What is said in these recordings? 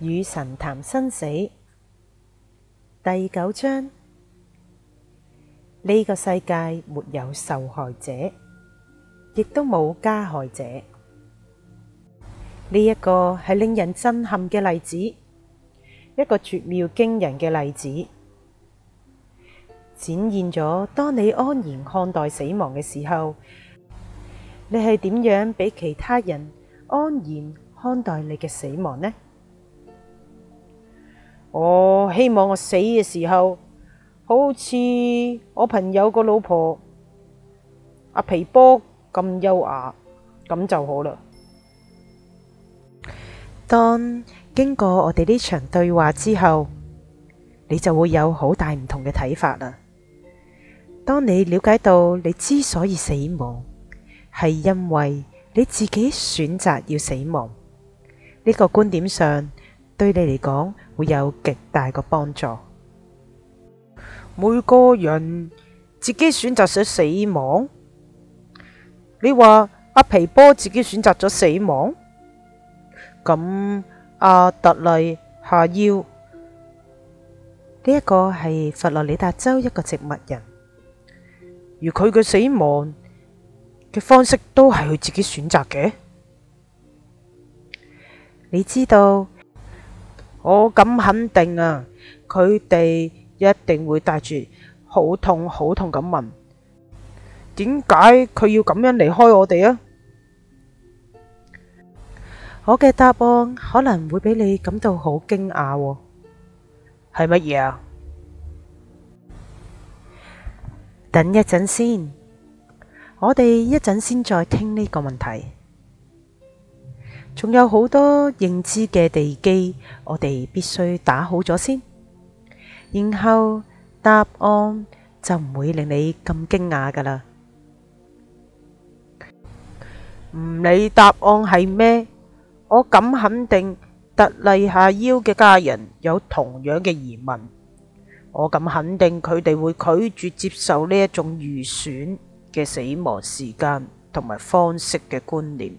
與神談生死，第九章。呢個世界沒有受害者，亦都冇加害者。呢一個係令人震撼嘅例子，一個絕妙驚人嘅例子，展現咗當你安然看待死亡嘅時候，你係點樣俾其他人安然看待你嘅死亡呢？我希望我死嘅時候，好似我朋友個老婆阿皮波咁優雅，咁就好啦。當經過我哋呢場對話之後，你就會有好大唔同嘅睇法啦。當你了解到你之所以死亡，係因為你自己選擇要死亡，呢個觀點上。對你嚟講會有極大個幫助。每個人自己選擇咗死亡，你話阿皮波自己選擇咗死亡，咁阿特麗下腰呢一，呢個係佛羅里達州一個植物人，而佢嘅死亡嘅方式都係佢自己選擇嘅，你知道？我敢肯定啊，佢哋一定會帶住好痛好痛咁問，點解佢要咁樣離開我哋啊？我嘅答案可能會俾你感到好驚訝。係乜嘢啊？等一陣先，我哋一陣先再傾呢個問題。仲有好多認知嘅地基，我哋必須打好咗先，然後答案就唔會令你咁驚訝噶啦。唔理答案係咩，我敢肯定，特例下腰嘅家人有同樣嘅疑問，我敢肯定佢哋會拒絕接受呢一種預選嘅死亡時間同埋方式嘅觀念。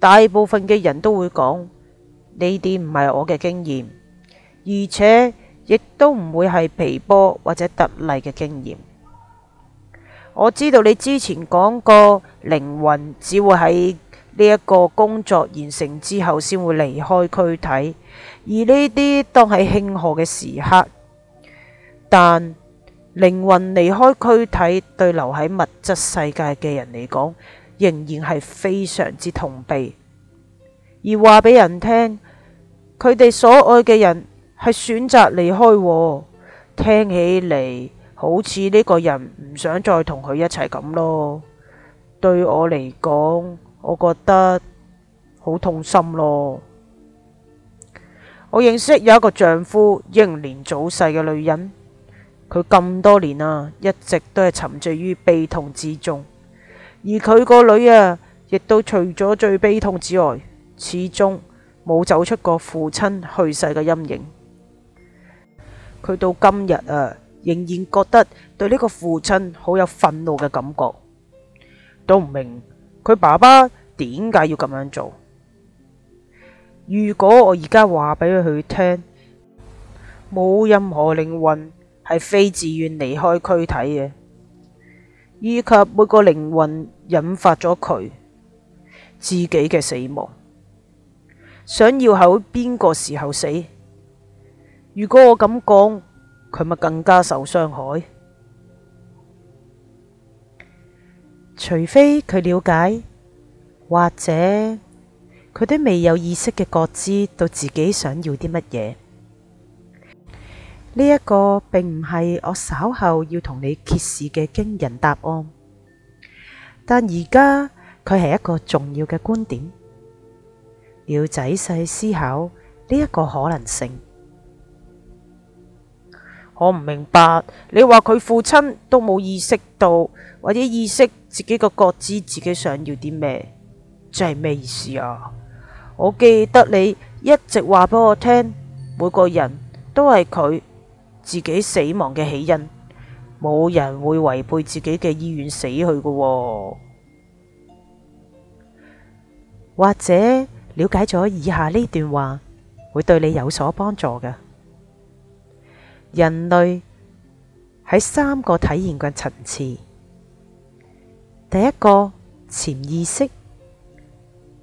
大部分嘅人都會講，呢啲唔係我嘅經驗，而且亦都唔會係皮波或者特例嘅經驗。我知道你之前講過靈魂只會喺呢一個工作完成之後先會離開軀體，而呢啲當係慶賀嘅時刻。但靈魂離開軀體對留喺物質世界嘅人嚟講，仍然係非常之痛悲，而話俾人聽，佢哋所愛嘅人係選擇離開，聽起嚟好似呢個人唔想再同佢一齊咁咯。對我嚟講，我覺得好痛心咯。我認識有一個丈夫英年早逝嘅女人，佢咁多年啊，一直都係沉醉於悲痛之中。而佢個女啊，亦都除咗最悲痛之外，始終冇走出過父親去世嘅陰影。佢到今日啊，仍然覺得對呢個父親好有憤怒嘅感覺，都唔明佢爸爸點解要咁樣做。如果我而家話俾佢聽，冇任何靈魂係非自願離開軀體嘅，以及每個靈魂引發咗佢自己嘅死亡，想要喺邊個時候死？如果我咁講，佢咪更加受傷害？除非佢了解，或者佢啲未有意識嘅覺知到自己想要啲乜嘢。呢一個並唔係我稍後要同你揭示嘅驚人答案，但而家佢係一個重要嘅觀點，要仔細思考呢一個可能性。我唔明白，你話佢父親都冇意識到或者意識自己個覺知，自己想要啲咩，即係咩意思啊？我記得你一直話俾我聽，每個人都係佢。自己死亡嘅起因，冇人會違背自己嘅意願死去嘅。或者了解咗以下呢段話，會對你有所幫助嘅。人類喺三個體驗嘅層次：第一個潛意識，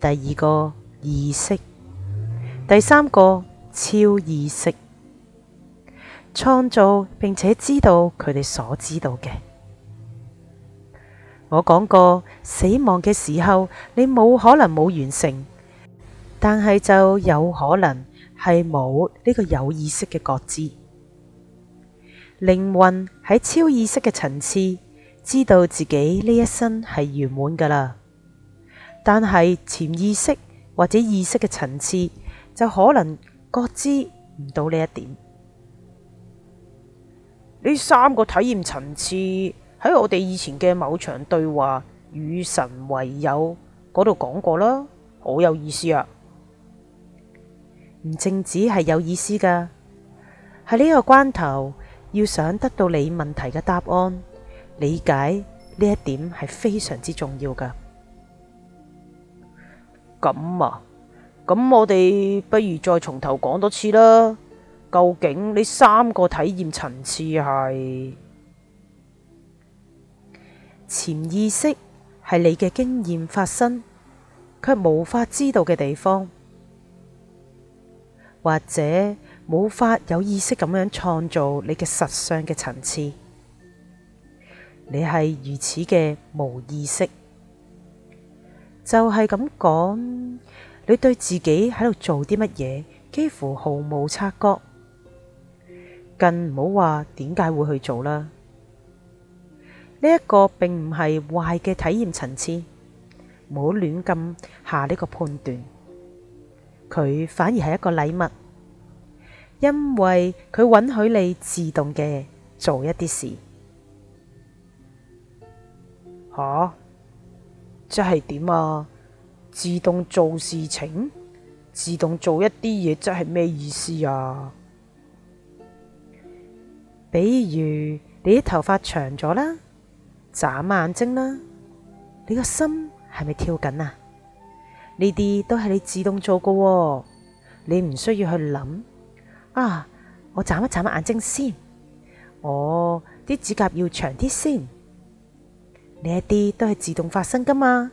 第二個意識，第三個超意識。創造並且知道佢哋所知道嘅。我講過，死亡嘅時候，你冇可能冇完成，但係就有可能係冇呢個有意識嘅覺知。靈魂喺超意識嘅層次，知道自己呢一生係圓滿㗎喇。但係潛意識或者意識嘅層次，就可能覺知唔到呢一點。呢三個體驗層次喺我哋以前嘅某場對話《與神為友》嗰度講過啦，好有意思啊！唔淨止係有意思㗎，喺呢個關頭要想得到你問題嘅答案，理解呢一點係非常之重要㗎。咁啊，咁我哋不如再從頭講多次啦。究竟呢三個體驗層次係，潛意識係你嘅經驗發生，卻無法知道嘅地方，或者無法有意識咁樣創造你嘅實相嘅層次。你係如此嘅無意識，就係咁講，你對自己喺度做啲乜嘢，幾乎毫無察覺。更唔好話點解會去做啦？呢、這個、一個並唔係壞嘅體驗層次，唔好亂咁下呢個判斷。佢反而係一個禮物，因為佢允許你自動嘅做一啲事。吓、啊，即係點啊？自動做事情，自動做一啲嘢，即係咩意思啊？比如你啲頭髮長咗啦，眨眼睛啦，你個心係咪跳緊啊？呢啲都係你自動做噶你唔需要去諗，啊，我眨一眨眼睛先，我啲指甲要長啲先，呢一啲都係自動發生噶嘛。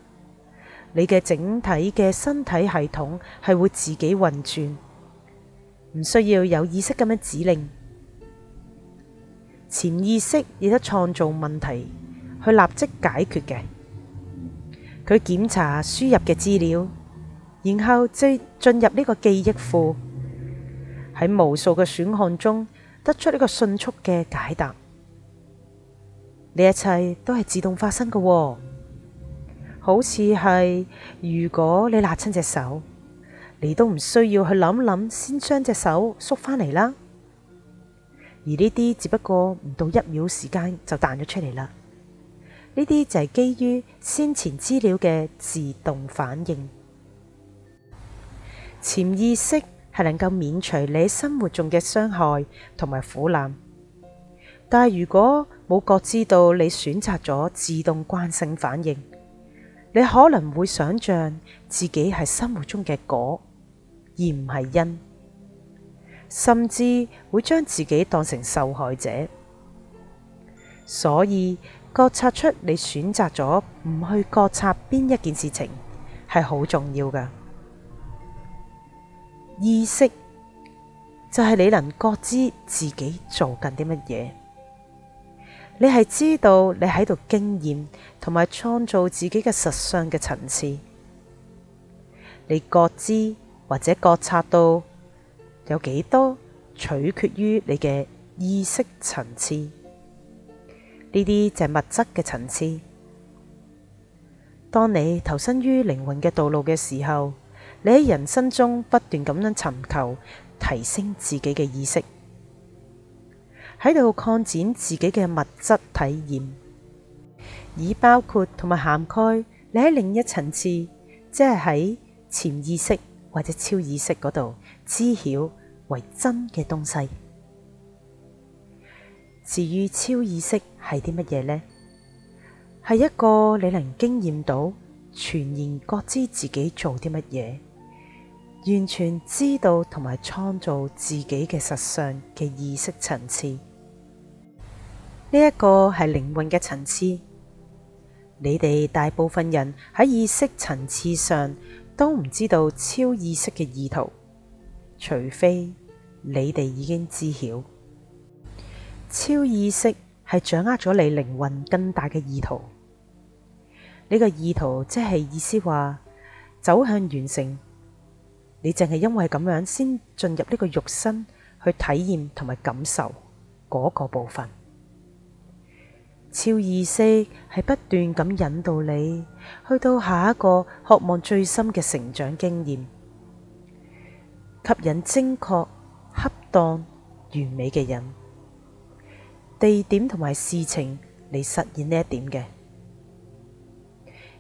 你嘅整體嘅身體系統係會自己運轉，唔需要有意識咁樣指令。潛意識亦都創造問題去立即解決嘅，佢檢查輸入嘅資料，然後進進入呢個記憶庫，喺無數嘅選項中得出呢個迅速嘅解答。呢一切都係自動發生嘅。哦，好似係如果你辣親隻手，你都唔需要去諗諗，先將隻手縮返嚟啦。而呢啲只不過唔到一秒時間就彈咗出嚟啦，呢啲就係基於先前資料嘅自動反應。潛意識係能夠免除你生活中嘅傷害同埋苦難，但係如果冇覺知道你選擇咗自動慣性反應，你可能會想象自己係生活中嘅果而唔係因。甚至會將自己當成受害者，所以覺察出你選擇咗唔去覺察邊一件事情係好重要㗎。意識就係、是、你能覺知自己做緊啲乜嘢，你係知道你喺度經驗同埋創造自己嘅實相嘅層次，你覺知或者覺察到。有幾多，取決於你嘅意識層次。呢啲就係物質嘅層次。當你投身於靈魂嘅道路嘅時候，你喺人生中不斷咁樣尋求提升自己嘅意識，喺度擴展自己嘅物質體驗，以包括同埋涵蓋你喺另一層次，即係喺潛意識或者超意識嗰度。知曉為真嘅東西。至於超意識係啲乜嘢呢？係一個你能經驗到全然覺知自，自己做啲乜嘢，完全知道同埋創造自己嘅實相嘅意識層次。呢、這、一個係靈魂嘅層次。你哋大部分人喺意識層次上都唔知道超意識嘅意圖。除非你哋已經知曉，超意識係掌握咗你靈魂更大嘅意圖。呢個意圖即係意思話，走向完成。你淨係因為咁樣先進入呢個肉身去體驗同埋感受嗰個部分。超意識係不斷咁引導你去到下一個渴望最深嘅成長經驗。吸引精確、恰當、完美嘅人，地點同埋事情嚟實現呢一點嘅，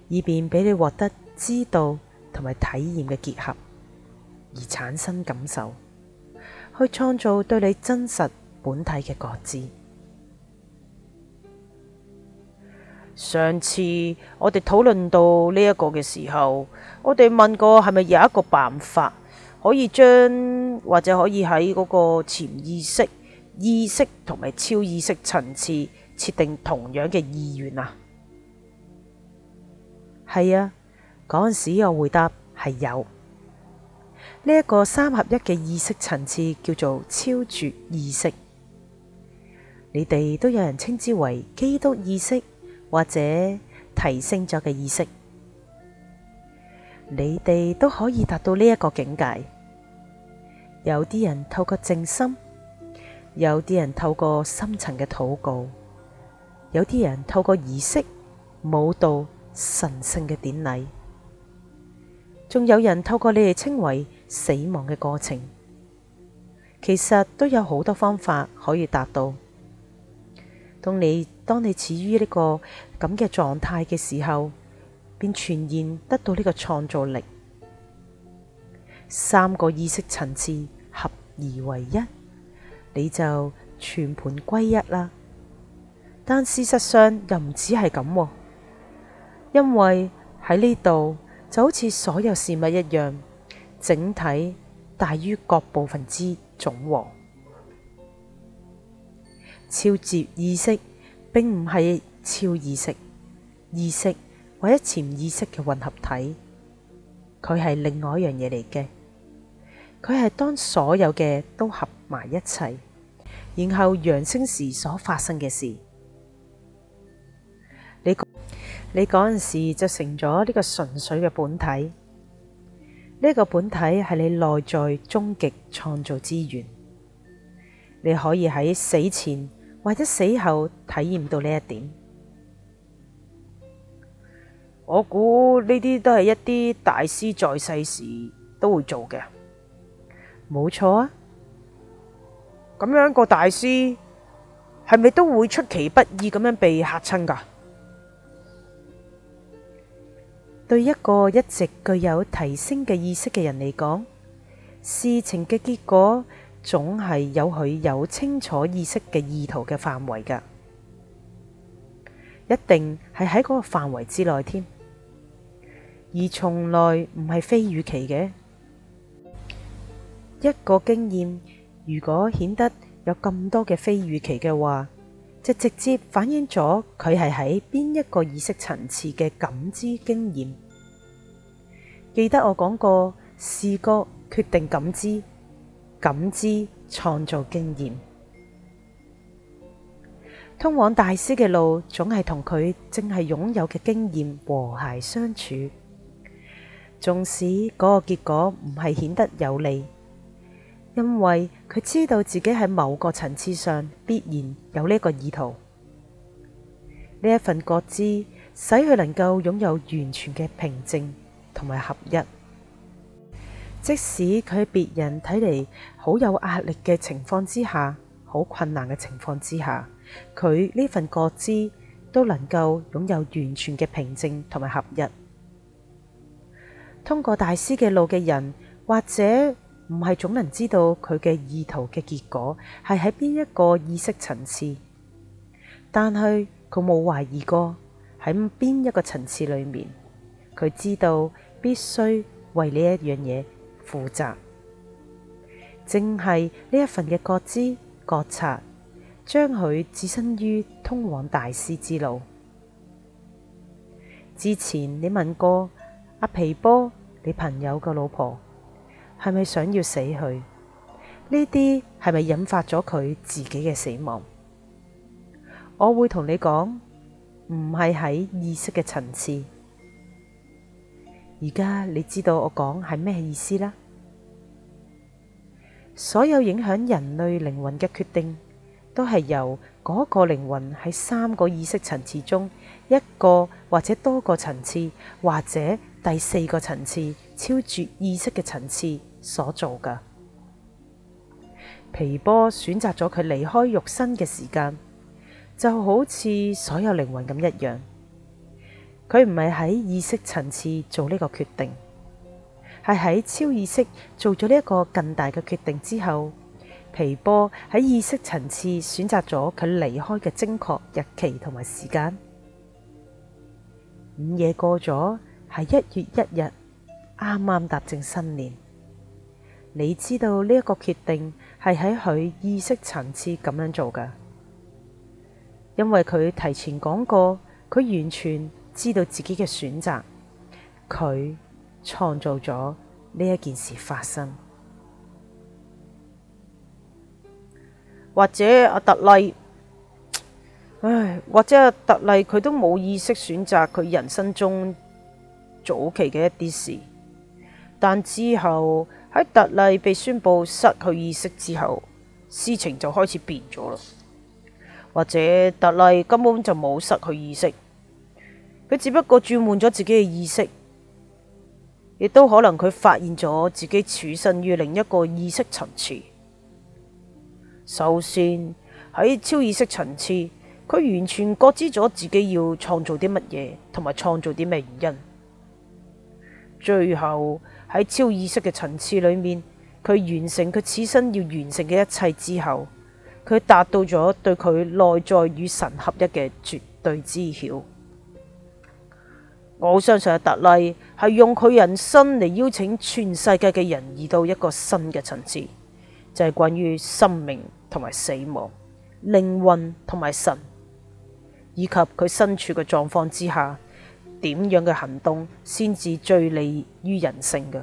以便俾你獲得知道同埋體驗嘅結合，而產生感受，去創造對你真實本體嘅覺知。上次我哋討論到呢一個嘅時候，我哋問過係咪有一個辦法？可以將或者可以喺嗰個潛意識、意識同埋超意識層次設定同樣嘅意願啊！係啊，嗰陣時我回答係有呢一個三合一嘅意識層次叫做超絕意識，你哋都有人稱之為基督意識或者提升咗嘅意識，你哋都可以達到呢一個境界。有啲人透過靜心，有啲人透過深層嘅禱告，有啲人透過儀式、舞蹈神、神聖嘅典禮，仲有人透過你哋稱為死亡嘅過程。其實都有好多方法可以達到。當你當你處於呢個咁嘅狀態嘅時候，便自然得到呢個創造力。三個意識層次。而唯一，你就全盤歸一啦。但事實上又唔止係咁喎，因為喺呢度就好似所有事物一樣，整體大於各部分之總和。超覺意識並唔係超意識，意識或者潛意識嘅混合體，佢係另外一樣嘢嚟嘅。佢係當所有嘅都合埋一齊，然後揚升時所發生嘅事，你你嗰陣時就成咗呢個純粹嘅本體。呢、這個本體係你內在終極創造之源，你可以喺死前或者死後體驗到呢一點。我估呢啲都係一啲大師在世時都會做嘅。冇錯啊！咁樣個大師，係咪都會出其不意咁樣被嚇親噶？對一個一直具有提升嘅意識嘅人嚟講，事情嘅結果總係有佢有清楚意識嘅意圖嘅範圍噶，一定係喺嗰個範圍之內添，而從來唔係非預期嘅。一個經驗，如果顯得有咁多嘅非預期嘅話，就直接反映咗佢係喺邊一個意識層次嘅感知經驗。記得我講過，視角決定感知，感知創造經驗。通往大師嘅路，總係同佢正係擁有嘅經驗和諧相處，縱使嗰個結果唔係顯得有利。因為佢知道自己喺某個層次上必然有呢一個意圖，呢一份覺知使佢能夠擁有完全嘅平靜同埋合一。即使佢喺別人睇嚟好有壓力嘅情況之下，好困難嘅情況之下，佢呢份覺知都能夠擁有完全嘅平靜同埋合一。通過大師嘅路嘅人，或者唔係總能知道佢嘅意圖嘅結果係喺邊一個意識層次，但係佢冇懷疑過喺邊一個層次裏面，佢知道必須為呢一樣嘢負責。正係呢一份嘅覺知覺察，將佢置身於通往大師之路。之前你問過阿皮波，你朋友個老婆。係咪想要死去？呢啲係咪引發咗佢自己嘅死亡？我會同你講，唔係喺意識嘅層次。而家你知道我講係咩意思啦？所有影響人類靈魂嘅決定，都係由嗰個靈魂喺三個意識層次中，一個或者多個層次，或者第四個層次，超絕意識嘅層次所做嘅，皮波選擇咗佢離開肉身嘅時間，就好似所有靈魂咁一樣。佢唔係喺意識層次做呢個決定，係喺超意識做咗呢一個更大嘅決定之後，皮波喺意識層次選擇咗佢離開嘅精確日期同埋時間。午夜過咗，係一月一日。啱啱踏正新年，你知道呢一個決定係喺佢意識層次咁樣做㗎？因為佢提前講過，佢完全知道自己嘅選擇，佢創造咗呢一件事發生。或者阿特麗，唉，或者阿特麗佢都冇意識選擇佢人生中早期嘅一啲事。但之後喺特例被宣布失去意識之後，事情就開始變咗啦。或者特例根本就冇失去意識，佢只不過轉換咗自己嘅意識，亦都可能佢發現咗自己處身於另一個意識層次。首先喺超意識層次，佢完全覺知咗自己要創造啲乜嘢，同埋創造啲咩原因。最後。喺超意識嘅層次裏面，佢完成佢此生要完成嘅一切之後，佢達到咗對佢內在與神合一嘅絕對知曉。我相信阿特例係用佢人生嚟邀請全世界嘅人移到一個新嘅層次，就係、是、關於生命同埋死亡、靈魂同埋神以及佢身處嘅狀況之下。點樣嘅行動先至最利於人性嘅？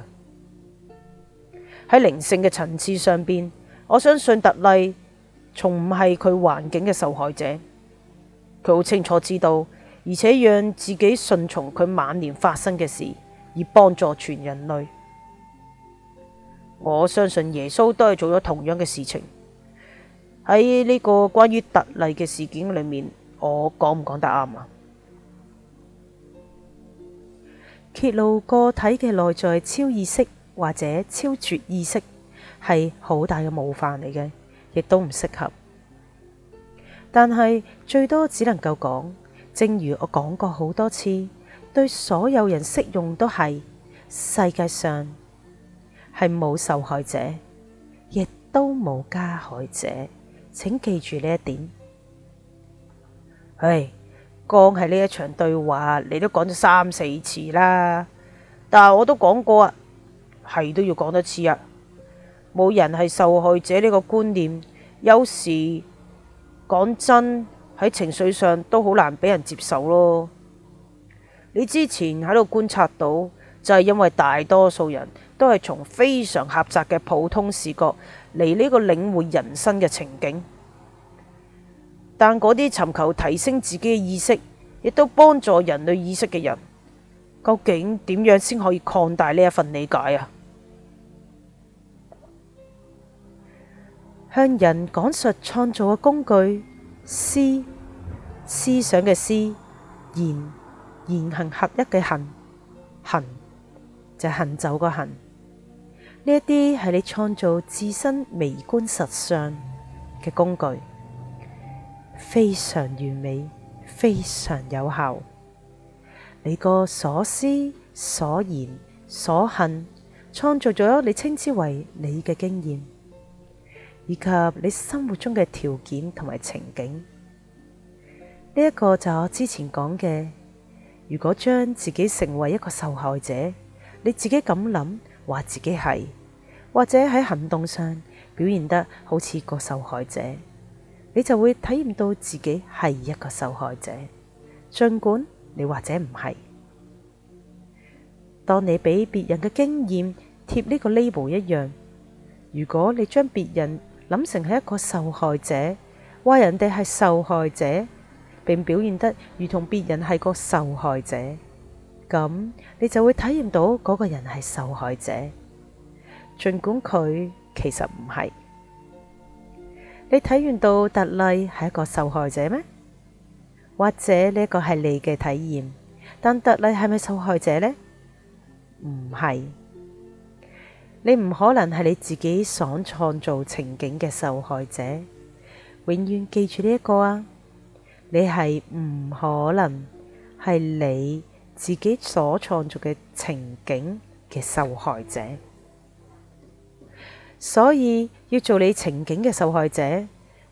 喺靈性嘅層次上邊，我相信特例從唔係佢環境嘅受害者，佢好清楚知道，而且讓自己順從佢晚年發生嘅事，以幫助全人類。我相信耶穌都係做咗同樣嘅事情。喺呢個關於特例嘅事件裏面，我講唔講得啱啊？揭露個體嘅內在超意識或者超絕意識係好大嘅冒犯嚟嘅，亦都唔適合。但係最多只能夠講，正如我講過好多次，對所有人適用都係，世界上係冇受害者，亦都冇加害者，請記住呢一點。喂。剛喺呢一場對話，你都講咗三四次啦。但係我都講過啊，係都要講多次啊。冇人係受害者呢個觀念，有時講真喺情緒上都好難俾人接受咯。你之前喺度觀察到，就係因為大多數人都係從非常狹窄嘅普通視角嚟，呢個領會人生嘅情景。但嗰啲尋求提升自己嘅意識，亦都幫助人類意識嘅人，究竟點樣先可以擴大呢一份理解啊？向人講述創造嘅工具，思思想嘅思，言言行合一嘅行，行就係行走嘅行，呢一啲係你創造自身微觀實相嘅工具。非常完美，非常有效。你個所思、所言、所恨，創造咗你稱之為你嘅經驗，以及你生活中嘅條件同埋情景。呢、這、一個就我之前講嘅，如果將自己成為一個受害者，你自己咁諗，話自己係，或者喺行動上表現得好似個受害者。你就會體驗到自己係一個受害者，儘管你或者唔係。當你畀別人嘅經驗貼呢個 label 一樣，如果你將別人諗成係一個受害者，話人哋係受害者，並表現得如同別人係個受害者，咁你就會體驗到嗰個人係受害者，儘管佢其實唔係。你睇完到特例係一個受害者咩？或者呢一個係你嘅體驗，但特例係咪受害者呢？唔係，你唔可能係你自己所創造情景嘅受害者。永遠記住呢、這、一個啊，你係唔可能係你自己所創造嘅情景嘅受害者。所以要做你情景嘅受害者，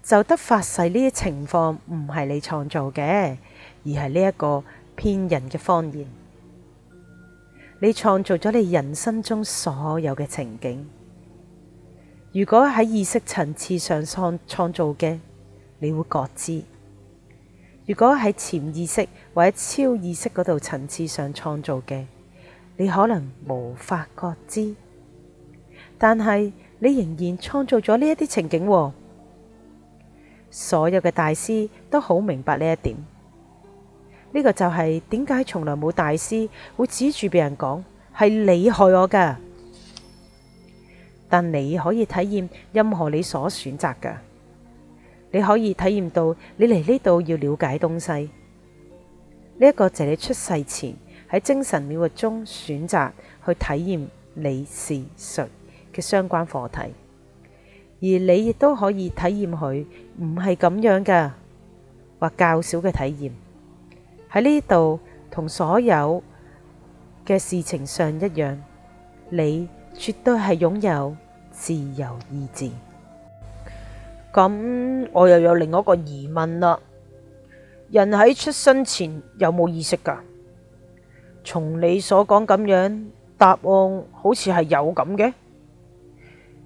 就得發誓呢啲情況唔係你創造嘅，而係呢一個騙人嘅謊言。你創造咗你人生中所有嘅情景。如果喺意識層次上創創造嘅，你會覺知；如果喺潛意識或者超意識嗰度層次上創造嘅，你可能無法覺知。但係，你仍然創造咗呢一啲情景、哦，所有嘅大師都好明白呢一點。呢、這個就係點解從來冇大師會指住別人講係你害我噶。但你可以體驗任何你所選擇噶，你可以體驗到你嚟呢度要了解東西。呢、這、一個就係你出世前喺精神領域中選擇去體驗你是誰。嘅相關課題，而你亦都可以體驗佢唔係咁樣噶，或較少嘅體驗。喺呢度同所有嘅事情上一樣，你絕對係擁有自由意志。咁我又有另一個疑問啦：人喺出生前有冇意識噶？從你所講咁樣，答案好似係有咁嘅。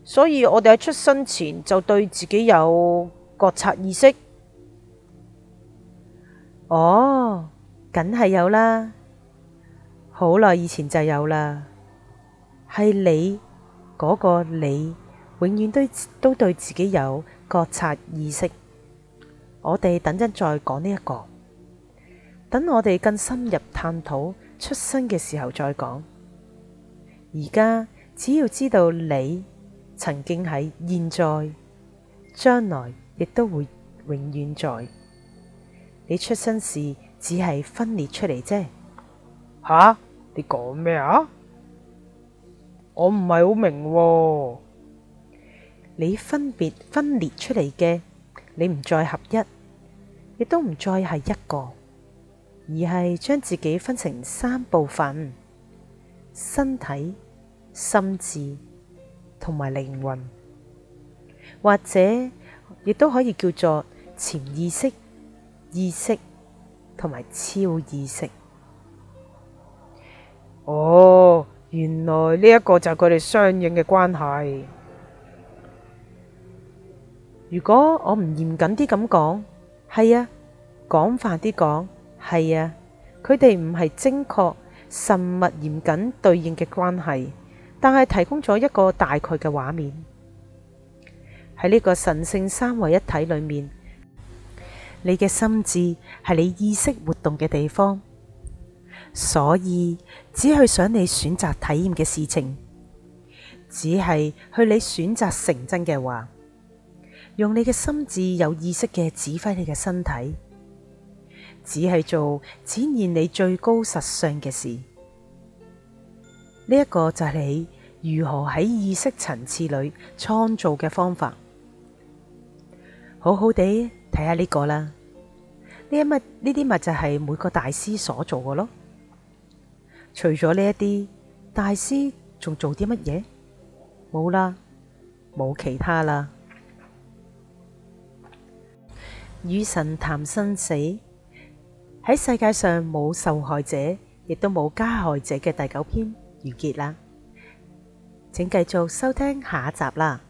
所以我哋喺出生前就對自己有覺察意識？哦，梗係有啦，好耐以前就有啦。係你嗰個你，永遠都，都對自己有覺察意識。我哋等陣再講呢一個，等我哋更深入探討出生嘅時候再講。而家只要知道你。曾經喺現在將來亦都會永遠在。你出生時只係分裂出嚟啫。吓，你講咩啊？我唔係好明喎。你分別分裂出嚟嘅，你唔再合一，亦都唔再係一個，而係將自己分成三部分：身體、心智。同埋靈魂，或者亦都可以叫做潛意識、意識同埋超意識。哦，原來呢一個就係佢哋相應嘅關係。如果我唔嚴謹啲咁講，係啊，廣泛啲講，係啊，佢哋唔係精確、慎密、嚴謹對應嘅關係。但係提供咗一個大概嘅畫面，喺呢個神聖三位一體裏面，你嘅心智係你意識活動嘅地方，所以只去想你選擇體驗嘅事情，只係去你選擇成真嘅話，用你嘅心智有意識嘅指揮你嘅身體，只係做展現你最高實相嘅事。呢一個就係你如何喺意識層次裏創造嘅方法，好好地睇下呢個啦。呢一物呢啲咪就係每個大師所做嘅咯。除咗呢一啲大師仲做啲乜嘢？冇啦，冇其他啦。與神談生死，喺世界上冇受害者，亦都冇加害者嘅第九篇。完結啦，請繼續收聽下一集啦。